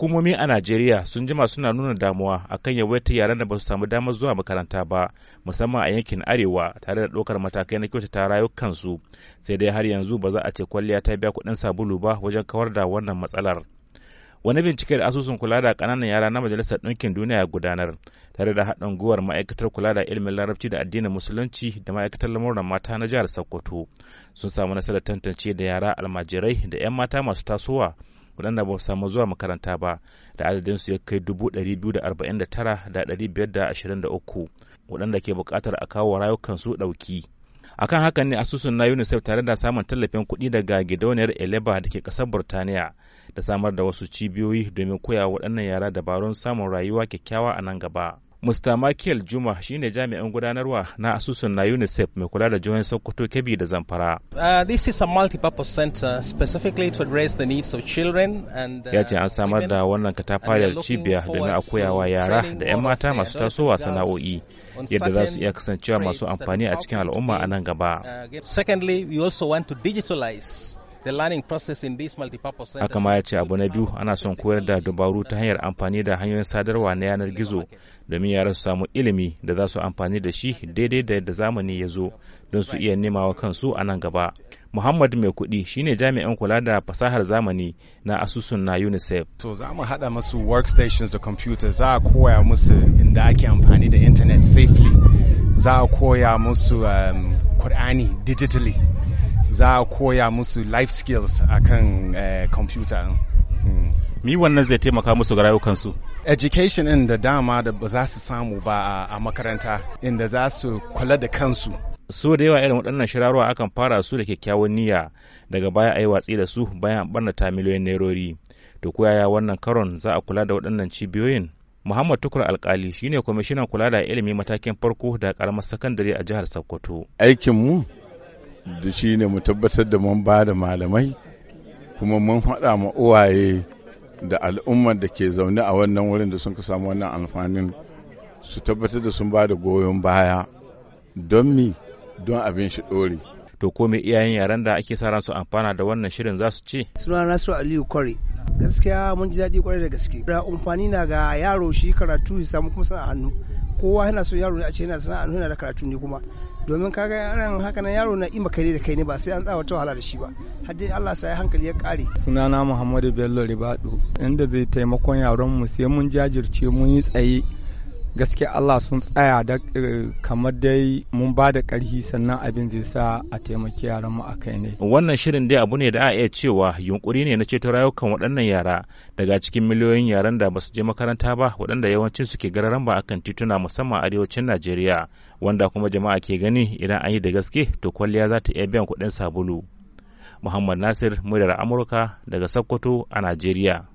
Hukumomi a Najeriya sun jima suna nuna damuwa akan yawaitar yaran da ba su samu damar zuwa makaranta ba, musamman a yankin Arewa tare da ɗaukar matakai na kyautata rayukansu, sai dai har yanzu ba za a ce kwalliya ta biya kuɗin sabulu ba wajen kawar da wannan matsalar. Wani bincike da asusun kula da kananan yara na Majalisar Ɗinkin Duniya ya gudanar, tare da haɗin gwiwar ma'aikatar kula da ilimin larabci da addinin musulunci da ma'aikatar lamuran mata na jihar Sokoto, sun samu nasarar tantance da yara almajirai da 'yan mata masu tasowa waɗanda ba su samu zuwa makaranta ba da adadinsu ya kai 249,523 waɗanda ke buƙatar a kawo rayukan su ɗauki. akan hakan ne asusun na unicef tare da samun tallafin kuɗi daga gidauniyar eleba da ke ƙasar burtaniya da samar da wasu cibiyoyi domin koya waɗannan yara dabarun samun rayuwa kyakkyawa a nan gaba. Mr. Michael Juma shine jami'in gudanarwa na asusun na UNICEF mai kula da jihohin Sokoto, Kebbi da Zamfara. Uh, this is a multi center specifically to address the of children and uh, Ya ce an samar da wannan katafariyar cibiya domin a koyawa yara da 'yan mata masu tasowa sana'o'i yadda za su iya kasancewa masu amfani a cikin al'umma a nan gaba. Uh, secondly, we also want to digitalize a kama ya ce abu na biyu ana son koyar da dabaru ta hanyar amfani da hanyoyin sadarwa na yanar gizo domin yara su samu ilimi da za su amfani da shi daidai da yadda zamani ya zo don su iya nemawa kansu a nan gaba. Muhammad mai kuɗi shine jami'in kula da fasahar zamani na asusun na UNICEF. To za mu haɗa masu workstations da computer za a koya musu inda ake amfani da internet safely za a koya musu um, Kur'ani digitally za a koya musu life skills a kan kwamfuta eh, hmm. mi wannan zai taimaka musu ga rayukansu education in da dama da ba za su samu ba a makaranta inda za su kula da kansu so da yawa irin waɗannan shirarwa akan fara su da kyakkyawan niyya daga baya a yi watsi da su bayan barnata miliyoyin nerori to ko yaya wannan karon za a kula da waɗannan cibiyoyin Muhammad Tukur Alkali shine kwamishinan kula da ilimi matakin farko da karamar sakandare a jihar Sokoto. Aikin mu da shi ne mu tabbatar da mun ba da malamai kuma mun haɗa ma uwaye da al'ummar da ke zaune a wannan wurin da sun ka samu wannan amfanin su tabbatar da sun ba da goyon baya don mi don abin shi ɗori. To ko me iyayen yaran da ake sa ran su amfana da wannan shirin za su ce? Suna Nasiru Aliyu Kwari. Gaskiya mun ji daɗi kwarai da gaske. Da amfani na ga yaro shi karatu ya samu kuma sana'a hannu. Kowa yana son yaro ne a ce yana sana'a hannu yana da karatu ne kuma. domin kaga ran haka nan yaro na ima kare da kai ne ba sai an tsawa ta wahala da shi ba har dai Allah sa ya hankali ya kare sunana Muhammadu Bello Ribadu inda zai taimakon yaron mu sai mun jajirce mun yi tsaye gaske Allah sun tsaya da eh, kamar dai mun ba da ƙarfi sannan abin zai sa a taimaki yaran mu akai ne wannan shirin dai abu ne da a iya cewa yunkuri ne na ceto rayukan waɗannan yara daga cikin miliyoyin yaran da basu je makaranta ba waɗanda yawancin suke gararan ba akan tituna musamman a arewacin Najeriya wanda kuma jama'a ke gani idan an yi da gaske to kwalliya za ta iya biyan kuɗin sabulu Muhammad Nasir muryar Amurka daga Sokoto a Najeriya